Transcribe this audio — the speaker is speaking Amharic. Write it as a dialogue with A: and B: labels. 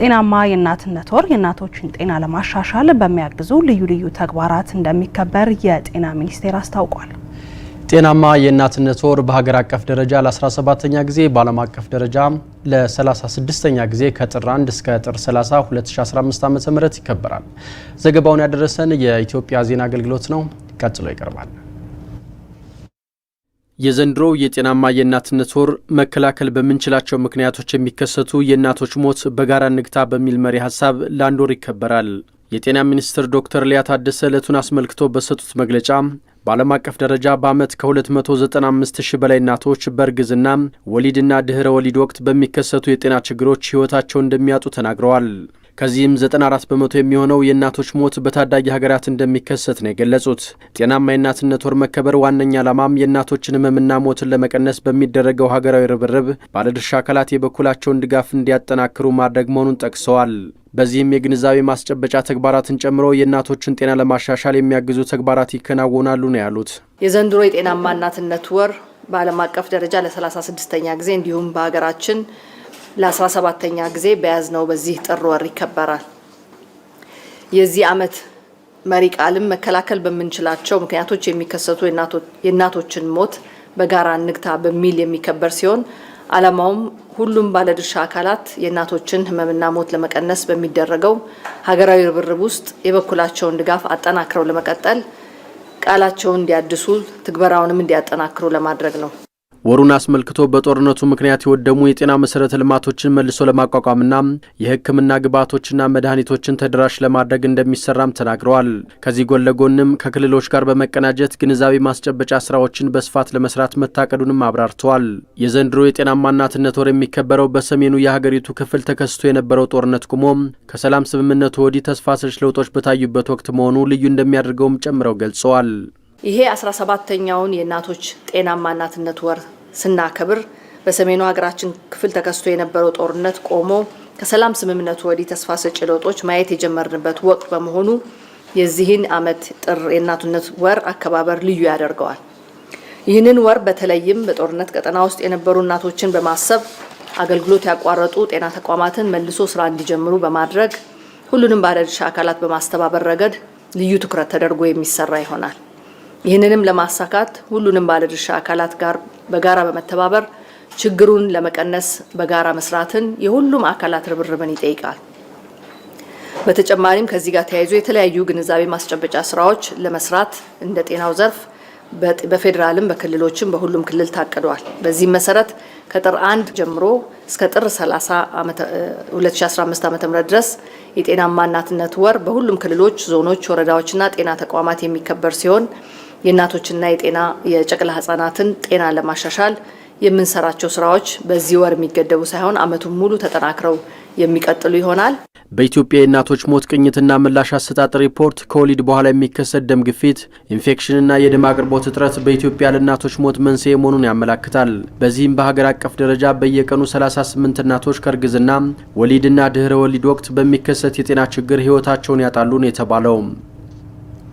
A: ጤናማ የእናትነት ወር የእናቶችን ጤና ለማሻሻል በሚያግዙ ልዩ ልዩ ተግባራት እንደሚከበር የጤና ሚኒስቴር አስታውቋል።
B: ጤናማ የእናትነት ወር በሀገር አቀፍ ደረጃ ለ17ኛ ጊዜ በዓለም አቀፍ ደረጃ ለ36ኛ ጊዜ ከጥር 1 እስከ ጥር 30 2015 ዓ ም ይከበራል። ዘገባውን ያደረሰን የኢትዮጵያ ዜና አገልግሎት ነው። ቀጥሎ ይቀርባል። የዘንድሮ የጤናማ የእናትነት ወር መከላከል በምንችላቸው ምክንያቶች የሚከሰቱ የእናቶች ሞት በጋራ ንግታ በሚል መሪ ሀሳብ ለአንድ ወር ይከበራል። የጤና ሚኒስትር ዶክተር ሊያ ታደሰ ዕለቱን አስመልክቶ በሰጡት መግለጫ በዓለም አቀፍ ደረጃ በዓመት ከ295 ሺህ በላይ እናቶች በእርግዝና ወሊድና ድህረ ወሊድ ወቅት በሚከሰቱ የጤና ችግሮች ሕይወታቸውን እንደሚያጡ ተናግረዋል። ከዚህም 94 በመቶ የሚሆነው የእናቶች ሞት በታዳጊ ሀገራት እንደሚከሰት ነው የገለጹት። ጤናማ የእናትነት ወር መከበር ዋነኛ ዓላማም የእናቶችን ህመምና ሞትን ለመቀነስ በሚደረገው ሀገራዊ ርብርብ ባለድርሻ አካላት የበኩላቸውን ድጋፍ እንዲያጠናክሩ ማድረግ መሆኑን ጠቅሰዋል። በዚህም የግንዛቤ ማስጨበጫ ተግባራትን ጨምሮ የእናቶችን ጤና ለማሻሻል የሚያግዙ ተግባራት ይከናወናሉ ነው ያሉት።
C: የዘንድሮ የጤናማ እናትነት ወር በዓለም አቀፍ ደረጃ ለ36ኛ ጊዜ እንዲሁም በሀገራችን ለ17ኛ ጊዜ በያዝነው በዚህ ጥር ወር ይከበራል። የዚህ ዓመት መሪ ቃልም መከላከል በምንችላቸው ምክንያቶች የሚከሰቱ የእናቶችን ሞት በጋራ እንግታ በሚል የሚከበር ሲሆን ዓላማውም ሁሉም ባለድርሻ አካላት የእናቶችን ሕመምና ሞት ለመቀነስ በሚደረገው ሀገራዊ ርብርብ ውስጥ የበኩላቸውን ድጋፍ አጠናክረው ለመቀጠል ቃላቸውን እንዲያድሱ ትግበራውንም እንዲያጠናክሩ ለማድረግ ነው።
B: ወሩን አስመልክቶ በጦርነቱ ምክንያት የወደሙ የጤና መሰረተ ልማቶችን መልሶ ለማቋቋምና የሕክምና ግብዓቶችና መድኃኒቶችን ተደራሽ ለማድረግ እንደሚሰራም ተናግረዋል። ከዚህ ጎን ለጎንም ከክልሎች ጋር በመቀናጀት ግንዛቤ ማስጨበጫ ስራዎችን በስፋት ለመስራት መታቀዱንም አብራርተዋል። የዘንድሮ የጤናማ እናትነት ወር የሚከበረው በሰሜኑ የሀገሪቱ ክፍል ተከስቶ የነበረው ጦርነት ቁሞ ከሰላም ስምምነቱ ወዲህ ተስፋ ሰጪ ለውጦች በታዩበት ወቅት መሆኑ ልዩ እንደሚያደርገውም ጨምረው ገልጸዋል።
C: ይሄ አስራ ሰባተኛውን የእናቶች ጤናማ እናትነት ወር ስናከብር በሰሜኑ ሀገራችን ክፍል ተከስቶ የነበረው ጦርነት ቆሞ ከሰላም ስምምነቱ ወዲህ ተስፋ ሰጪ ለውጦች ማየት የጀመርንበት ወቅት በመሆኑ የዚህን ዓመት ጥር የእናትነት ወር አከባበር ልዩ ያደርገዋል። ይህንን ወር በተለይም በጦርነት ቀጠና ውስጥ የነበሩ እናቶችን በማሰብ አገልግሎት ያቋረጡ ጤና ተቋማትን መልሶ ስራ እንዲጀምሩ በማድረግ ሁሉንም ባለድርሻ አካላት በማስተባበር ረገድ ልዩ ትኩረት ተደርጎ የሚሰራ ይሆናል። ይህንንም ለማሳካት ሁሉንም ባለድርሻ አካላት ጋር በጋራ በመተባበር ችግሩን ለመቀነስ በጋራ መስራትን የሁሉም አካላት ርብርብን ይጠይቃል። በተጨማሪም ከዚህ ጋር ተያይዞ የተለያዩ ግንዛቤ ማስጨበጫ ስራዎች ለመስራት እንደ ጤናው ዘርፍ በፌዴራልም በክልሎችም በሁሉም ክልል ታቅዷል። በዚህም መሰረት ከጥር 1 ጀምሮ እስከ ጥር 30 2015 ዓ ም ድረስ የጤናማ እናትነት ወር በሁሉም ክልሎች፣ ዞኖች፣ ወረዳዎችና ጤና ተቋማት የሚከበር ሲሆን የእናቶችና የጤና የጨቅላ ህጻናትን ጤና ለማሻሻል የምንሰራቸው ስራዎች በዚህ ወር የሚገደቡ ሳይሆን ዓመቱን ሙሉ ተጠናክረው የሚቀጥሉ ይሆናል።
B: በኢትዮጵያ የእናቶች ሞት ቅኝትና ምላሽ አሰጣጥ ሪፖርት ከወሊድ በኋላ የሚከሰት ደም ግፊት፣ ኢንፌክሽንና የደም አቅርቦት እጥረት በኢትዮጵያ ለእናቶች ሞት መንስኤ መሆኑን ያመላክታል። በዚህም በሀገር አቀፍ ደረጃ በየቀኑ 38 እናቶች ከእርግዝና ወሊድና ድህረ ወሊድ ወቅት በሚከሰት የጤና ችግር ህይወታቸውን ያጣሉን የተባለው።